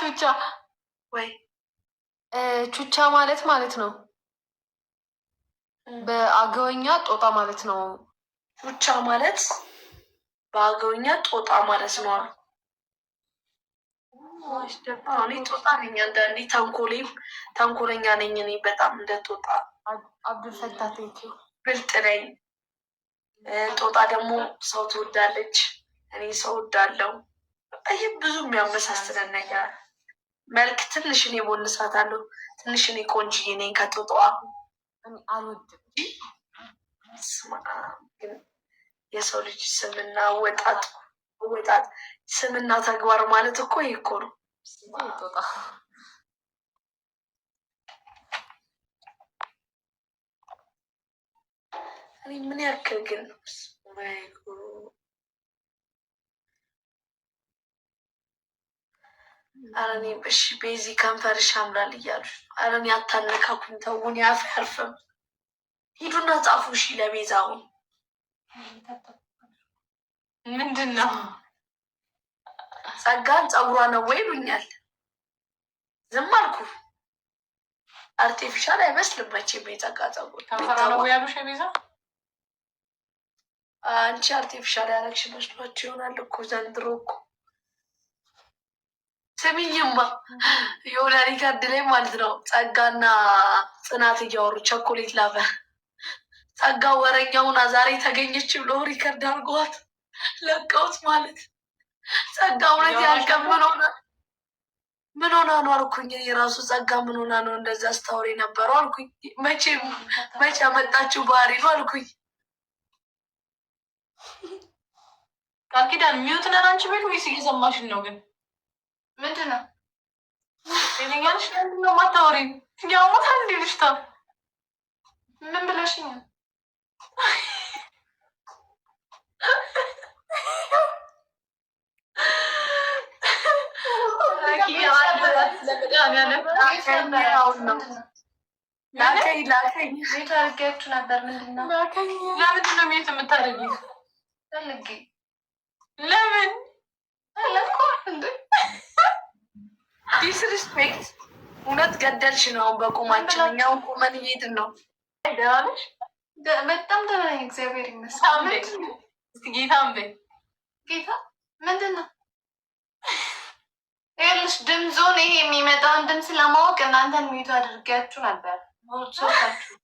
ቹቻ ወይ ቹቻ ማለት ማለት ነው። በአገወኛ ጦጣ ማለት ነው። ቹቻ ማለት በአገወኛ ጦጣ ማለት ነው። እኔ ጦጣ ነኝ። አንዳንዴ ተንኮሌም ተንኮለኛ ነኝ። እኔ በጣም እንደ ጦጣ አብዱልፈታት ብልጥ ነኝ። ጦጣ ደግሞ ሰው ትወዳለች። እኔ ሰው ወዳለው። ይህ ብዙ የሚያመሳስለን ነገር መልክ ትንሽ እኔ ቦንሳታለሁ። ትንሽ እኔ ቆንጅዬ ነኝ። ከጥጦዋ የሰው ልጅ ስምና ወጣት ወጣት ስምና ተግባር ማለት እኮ ይህ እኮ ነው። ምን ያክል ግን ነው ኧረ እኔ እሺ ቤዚ ከንፈርሽ ያምራል እያሉ ኧረ እኔ አታነካኩኝ፣ ተውን፣ ያፍ ያርፍም። ሂዱና ጻፉ እሺ ለቤዛ። አሁን ምንድን ነው ጸጋን ጸጉሯ ነው ወይ ይሉኛል። ዝም አልኩ። አርቲፊሻል አይመስልም መቼም የጸጋ ጸጉር ከንፈሯ ነው ያሉሽ ቤዛ አንቺ አርቲፊሻል ያረግሽ መስሏቸው ይሆናል እኮ ዘንድሮ እኮ ስሚኝማ የሆነ ሪከርድ ላይ ማለት ነው ጸጋና ጽናት እያወሩ ቸኮሌት ላበ ጸጋ ወረኛውና ዛሬ ተገኘች ብሎ ሪከርድ አድርገዋት ለቀውት ማለት ጸጋ እውነት ያልቀ ምን ሆነ ምን ሆና ነው አልኩኝ። የራሱ ጸጋ ምን ሆና ነው እንደዚ አስታውሪ ነበረው አልኩኝ። መቼ መቼ ያመጣችው ባህሪ ነው አልኩኝ። ቃል ኪዳን ሚዩት ነን አንቺ ቤት ወይስ እየሰማሽን ነው ግን ምንድን ነው ይለኛልሽ? ምንድን ነው ማታወሪኝ? ያሞታል አንድ ልጅቷ? ምን ብለሽኛል? ቤት ነበር። ምንድን ነው ለምንድን ነው ለምን ዲስሪስፔክት እውነት ገደልሽ ነው። በቁማችን እኛውን ቁመን እየሄድን ነው። በጣም ተናኝ እግዚአብሔር ይመስገን። ጌታም ጌታ ምንድን ነው ይኸውልሽ፣ ድምፁን ይሄ የሚመጣውን ድምፅ ለማወቅ እናንተን ሚቱ አድርጊያችሁ ነበር ሶታችሁ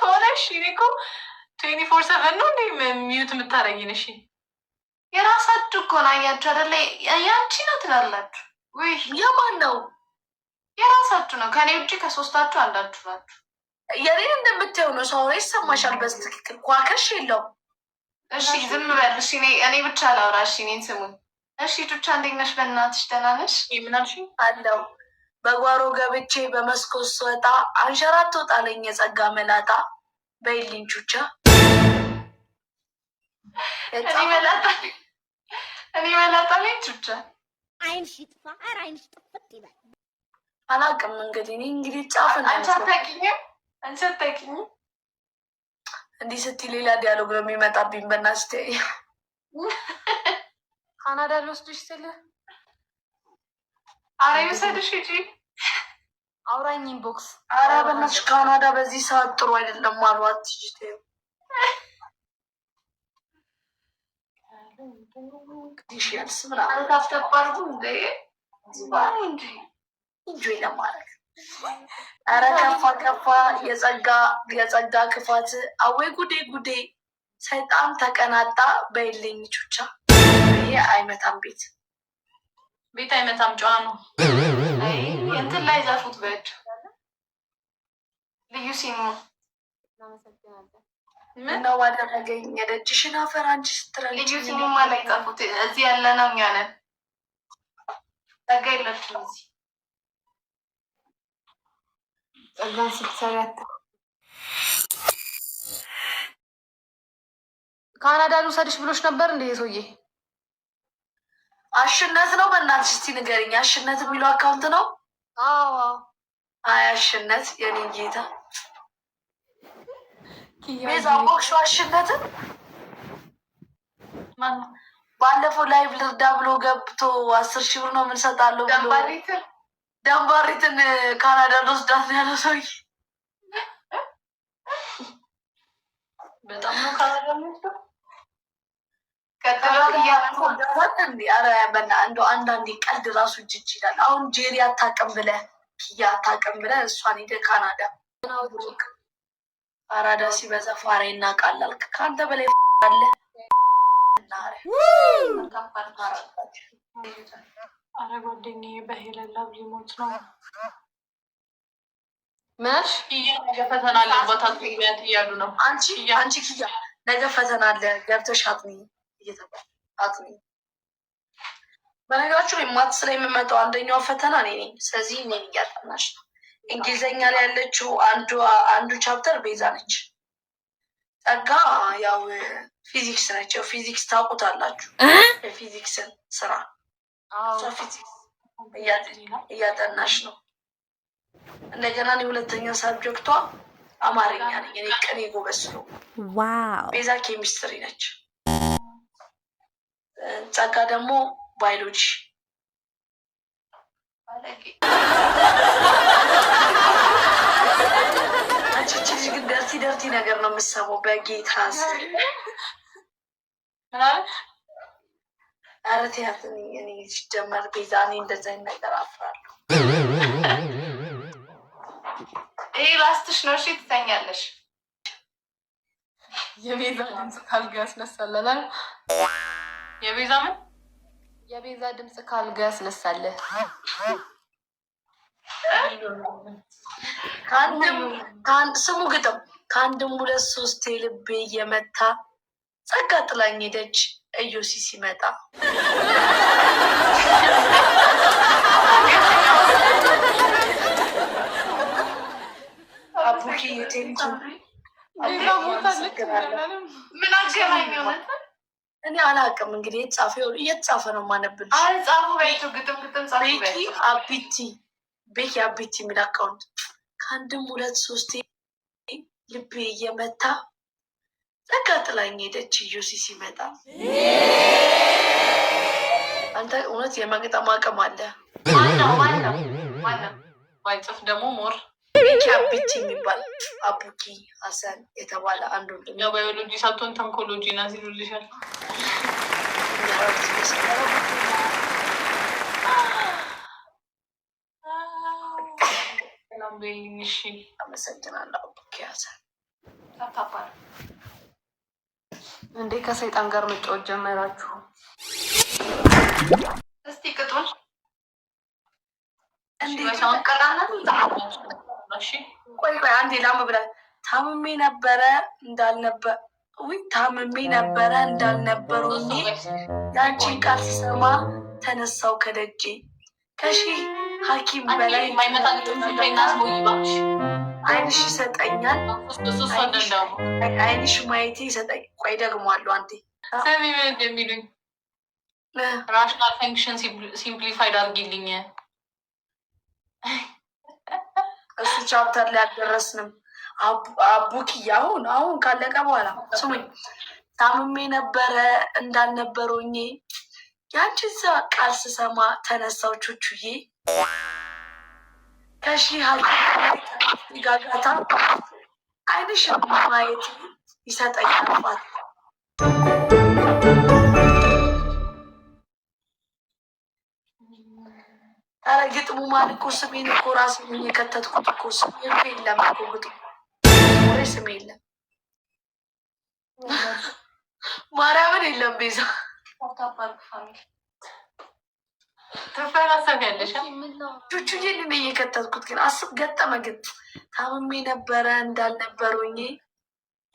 ከሆነ እሺ፣ እኔ እኮ ትዌንቲ ፎር ሰቨን ነው እንደ ሚዩት የምታረጊን እሺ የራሳችሁ እኮ ነው። አያችሁ አይደለ? ያንቺ ነው ትላላችሁ። ውይ የማን ነው? የራሳችሁ ነው። ከኔ ውጭ ከሶስታችሁ አንዳችሁ ናችሁ። የኔን እንደምትየው ነው። ሰው ይሰማሻል። በትክክል ኳከሽ የለው። እሺ ዝም በል እሺ። እኔ ብቻ ላውራ እሺ። እኔን ስሙኝ እሺ። ቱቻ እንዴት ነሽ? በእናትሽ ደህና ነሽ? ምናልሽ አለው በጓሮ ገብቼ በመስኮት ስወጣ አንሸራቶ ጣለኝ የጸጋ መላጣ በይልኝ ቹቻ እኔ መላጣ ላይ አይንሽ ይጥፋ፣ ኧረ አይንሽ ጥፍት ይበል። አላውቅም እንግዲህ እኔ እንግዲህ ጫፍ አንቺ አታውቂኝም፣ እንዲህ ስትይ ሌላ ዲያሎግ ነው የሚመጣብኝ። በእናትሽ ተይ፣ ካናዳ ልወስድሽ ስል ኧረ ይውሰድሽ ሂጂ አውራኝ ኢንቦክስ። ኧረ በእናትሽ ካናዳ በዚህ ሰዓት ጥሩ አይደለም አሉ አትሂጂ ዲሽያልስ ምናምን ኧረ ከፋ ከፋ የጸጋ የጸጋ ክፋት አወይ ጉዴ ጉዴ ሰይጣን ተቀናጣ በየለኝ ቹቻ ይሄ አይመታም ቤት ቤት አይመታም ጨዋ ነው እንትን ላይ ዛፉት በእጅ ልዩ ሲሙ ምነው አደረገኝ የደጅሽን አፈር አንቺ እዚህ ያለ ነው እኛ ነን። ጸጋ እዚህ ስትሰሪያት ካናዳ ልውሰድሽ ብሎች ነበር እንደ ሰውዬ አሽነት ነው። በእናትሽ እስቲ ንገርኝ፣ አሽነት የሚለው አካውንት ነው? አዎ አይ አሽነት የኔ ጌታ ቤዛ ቦክሽ ዋሽለትን ባለፈው ላይቭ ልርዳ ብሎ ገብቶ አስር ሺህ ብር ነው የምንሰጣለሁ ብሎ ደንባሪትን ካናዳ ልወስዳት ነው ያለው ሰውዬ። እንደው አንዳንዴ ቀልድ ራሱ እጅ ይላል። አሁን ጄሪ አታውቅም ብለህ ኪያ አታውቅም ብለህ እሷን ሄደህ ካናዳ አራዳ ሲበዛ ፋራ ይናቃላል። ከአንተ በላይ አለ። አረ ጓደኛዬ በሄለን ላብ ሊሞት ነው። ምንሽ ፈተና አለባት አትግቢያት እያሉ ነው። አንቺ አንቺ ኪያ ነገ ፈተና አለ ገብተሽ አጥኚ እየተባለ አጥኚ። በነገራችሁ ላይ ማትስ የምመጣው አንደኛዋ ፈተና እኔ ነኝ። ስለዚህ እኔን እያጠናሽ ነው እንግሊዘኛ ላይ ያለችው አንዱ ቻፕተር ቤዛ ነች። ጸጋ ያው ፊዚክስ ነች። ያው ፊዚክስ ታውቁታላችሁ፣ የፊዚክስን ስራ እያጠናሽ ነው። እንደገና ሁለተኛ ሳብጀክቷ አማርኛ ነኝ። እኔ ቅኔ ጎበስ ነው። ቤዛ ኬሚስትሪ ነች። ጸጋ ደግሞ ባዮሎጂ ደርቲ ደርቲ ነገር ነው የምሰማው። በጌታ ስር ኧረ ትያት እኔ ሲጀመር ቤዛ እኔ ነገር አፍራለሁ። ላስትሽ ነው። እሺ ትተኛለሽ። የቤዛ ድምፅ ካልጋ ያስነሳለናል። የቤዛ ምን የቤዛ ድምፅ ካልጋ ስሙ ግጥም ከአንድም ሁለት ሶስት ልቤ እየመታ ጸጋ ጥላኝ ሄደች እዮሲ ሲመጣ ምን አገናኘው? እኔ አላውቅም። እንግዲህ የተጻፈ እየተጻፈ ነው ማነብን ቤኪ አቢቲ ቤኪ አቢቲ የሚል አካውንት ከአንድም ሁለት ሶስት ልቤ እየመታ ጠጋ ጥላኝ ሄደች። እዩሲ ሲመጣ አንተ እውነት የመግጠም አቅም አለ። ዋይጽፍ ደግሞ ሞር አቢቲ የሚባል አቡኪ ሀሰን የተባለ አንዱ ያው ባዮሎጂ ሳትሆን ተንኮሎጂ ና ሲሉልሻል። አመሰግናለሁ አቡኪ ሀሰን እንዴ ከሰይጣን ጋር መጫወት ጀመራችሁ? እስቲ ቅጡን ቆይ ቆይ አንዴ ላም ታምሜ ነበረ ታምሜ ነበረ እንዳልነበሩ ቃል ስሰማ ተነሳው ከደጄ ከሺህ ሐኪም በላይ አይንሽ ይሰጠኛል። አይንሽ ማየቴ ይሰጠኝ። ቆይ ደግሞ አለው አንዴ ራሽናል ፈንክሽን ሲምፕሊፋይድ አድርጊልኝ። እሱ ቻፕተር ላይ አልደረስንም። አቡኪ አሁን አሁን ካለቀ በኋላ ስሙኝ፣ ታምሜ ነበረ እንዳልነበረኝ ያንቺን ቃል ስሰማ ተነሳው ቹቹዬ ከሺህ ጋጋታ ዓይንሽ ማየት ይሰጠኛል። ኧረ ግጥሙ ማን እኮ ስሜን እኮ ራስ የከተትኩት እኮ ስሜ የለም እኮ ግጥሙ ወሬ ስሜ የለም ማርያምን የለም ቤዛ ፋሚል ትፈራሰቢያለሽ። ቹቹዬን እየከተትኩት፣ ግን አስብ ገጠመ ግን ታምሜ ነበረ እንዳልነበረኝ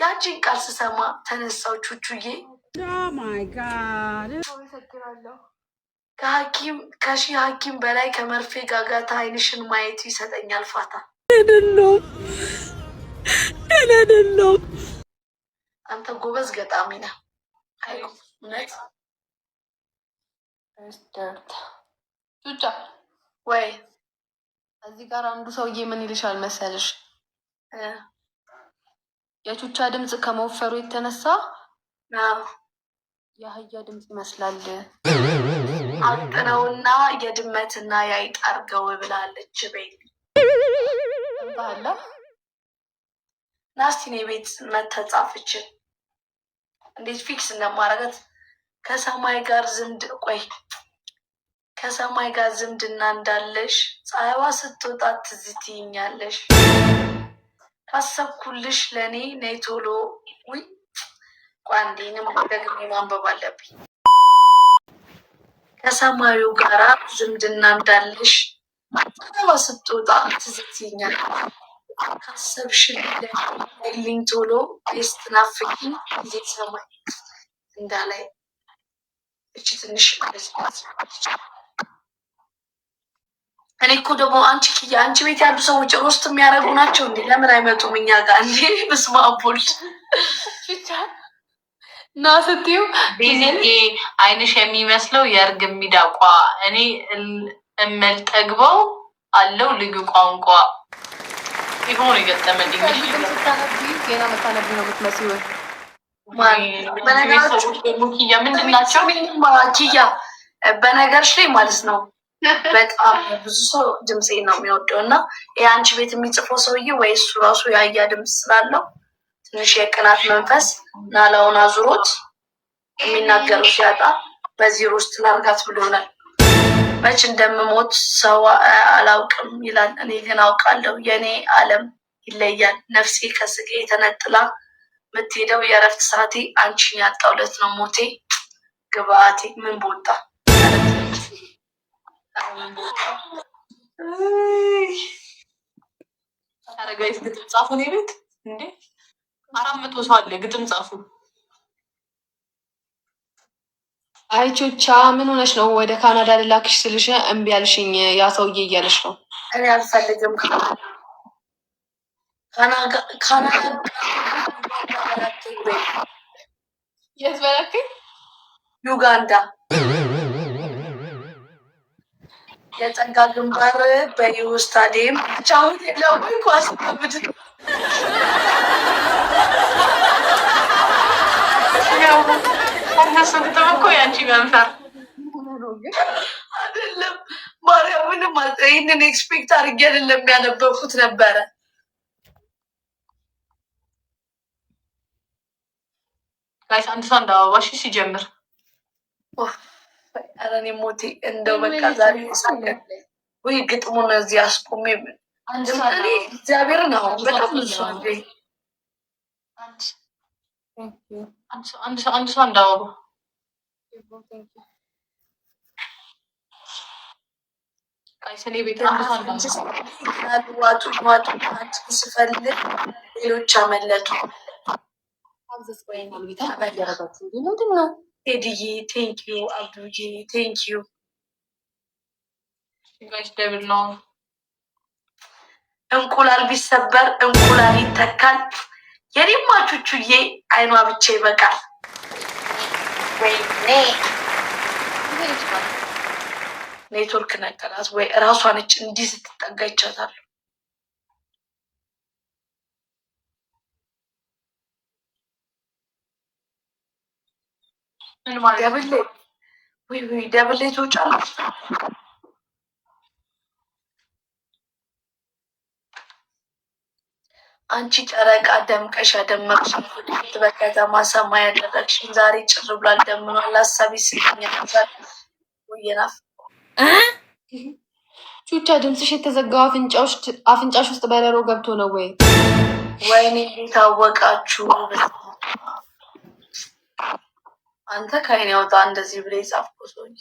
ያቺን ቃል ስሰማ ተነሳው ቹቹዬ oh ከሐኪም ከሺህ ሐኪም በላይ ከመርፌ ጋጋታ አይንሽን ማየቱ ይሰጠኛል ፋታ ነው። አንተ ጎበዝ ገጣሚ ነህ። ብቻ ወይ እዚህ ጋር አንዱ ሰውዬ ምን ይልሻል መሰልሽ? የቹቻ ድምፅ ከመወፈሩ የተነሳ የአህያ ድምፅ ይመስላል። አጥነውና የድመትና የአይጥ አርገው ብላለች። ቤት ባለ ናስቲኔ ቤት መተጻፍች እንዴት ፊክስ እንደማረገት ከሰማይ ጋር ዝምድ ቆይ ከሰማይ ጋር ዝምድና እንዳለሽ ፀሐይዋ ስትወጣ ትዝ ትይኛለሽ። ካሰብኩልሽ ለእኔ ነይ ቶሎ። ውይ ቋንዴንም ደግሜ ማንበብ አለብኝ። ከሰማዩ ጋራ ዝምድና እንዳለሽ ፀሐይዋ ስትወጣ ትዝ ትይኛለሽ። ካሰብሽልኝ ነይልኝ ቶሎ ስትናፍቂኝ ጊዜ ሰማይ እንዳላይ እች ትንሽ እኔ እኮ ደግሞ አንቺ ኪያ አንቺ ቤት ያሉ ሰዎች ሮስት የሚያደርጉ ናቸው እንዴ? ለምን አይመጡም እኛ ጋር እንዴ? ብስማ አቦል ና ስትዩ አይንሽ የሚመስለው የእርግ የሚዳቋ እኔ እመልጠግበው አለው ልዩ ቋንቋ ይሆን የገጠመልኝ ዜና መታነብ ነው ምትመስ በነገራችሁ ኪያ ምንድን ናቸው ኪያ በነገርሽ ላይ ማለት ነው በጣም ብዙ ሰው ድምፄ ነው የሚወደው እና የአንቺ ቤት የሚጽፈው ሰውዬ ወይ እሱ ራሱ የአያ ድምፅ ስላለው ትንሽ የቅናት መንፈስ ናላውን አዙሮት የሚናገሩ ሲያጣ በዚህ ውስጥ ላርጋት ብሎናል። መች እንደምሞት ሰው አላውቅም ይላል። እኔ ግን አውቃለሁ። የእኔ ዓለም ይለያል። ነፍሴ ከስጌ የተነጥላ የምትሄደው የእረፍት ሰዓቴ አንቺን ያጣውለት ነው ሞቴ ግብአቴ ምን ቦታ አረጋይስ ግጥም ጻፉ። እኔ ቤት እንዴ አራት መቶ ሰው አለ። ግጥም ጻፉ። አይቾቻ ምን ሆነሽ ነው? ወደ ካናዳ ልላክሽ ስልሽ እምቢ ያልሽኝ ያ ሰውዬ እያለሽ ነው። እኔ አልፈልግም ካናዳ ዩጋንዳ የጸጋ ግንባር በዩ ስታዲየም ጫሁት የለም ኳስ ቡድን ስንትም እኮ ያንቺ መንፈር አይደለም ማርያምንም ይህንን ኤክስፔክት አድርጌ አይደለም ያነበብኩት ነበረ። አንድ ሰው እንደ አበባሽ ሲጀምር ኧረ እኔ ሞቴ እንደው በቃ ዛሬ ወይ ግጥሙን እዚህ አስቆሜ እኔ እግዚአብሔርን ነው በጣም ብዙ አንድ ሰው እንዳወሩ ሌሎች አመለጡ። ቴድዬ ቴንኪዩ አብዱዬ ቴንኪዩ እንቁላል ቢሰበር እንቁላል ይተካል። የኔማ አይኗ ብቻ ይበቃል። ኔትወርክ ነቀላት ወይ እራሷ ነች እንዲህ ስትጠጋ ደብል ትወጫለሽ። አንቺ ጨረቃ ደምቀሽ ያደመቅሽ ፍልት በከተማ ሰማይ ያደረግሽን ዛሬ ጭር ብሏል ደምኗል። አሳቢ ስኛ ወየናፍ ቹቻ ድምፅሽ የተዘጋው አፍንጫሽ ውስጥ በረሮ ገብቶ ነው ወይ? ወይኔ እንዴት አወቃችሁ? አንተ ከአይን ወጣ እንደዚህ ብለ የጻፍከው ሰውዬ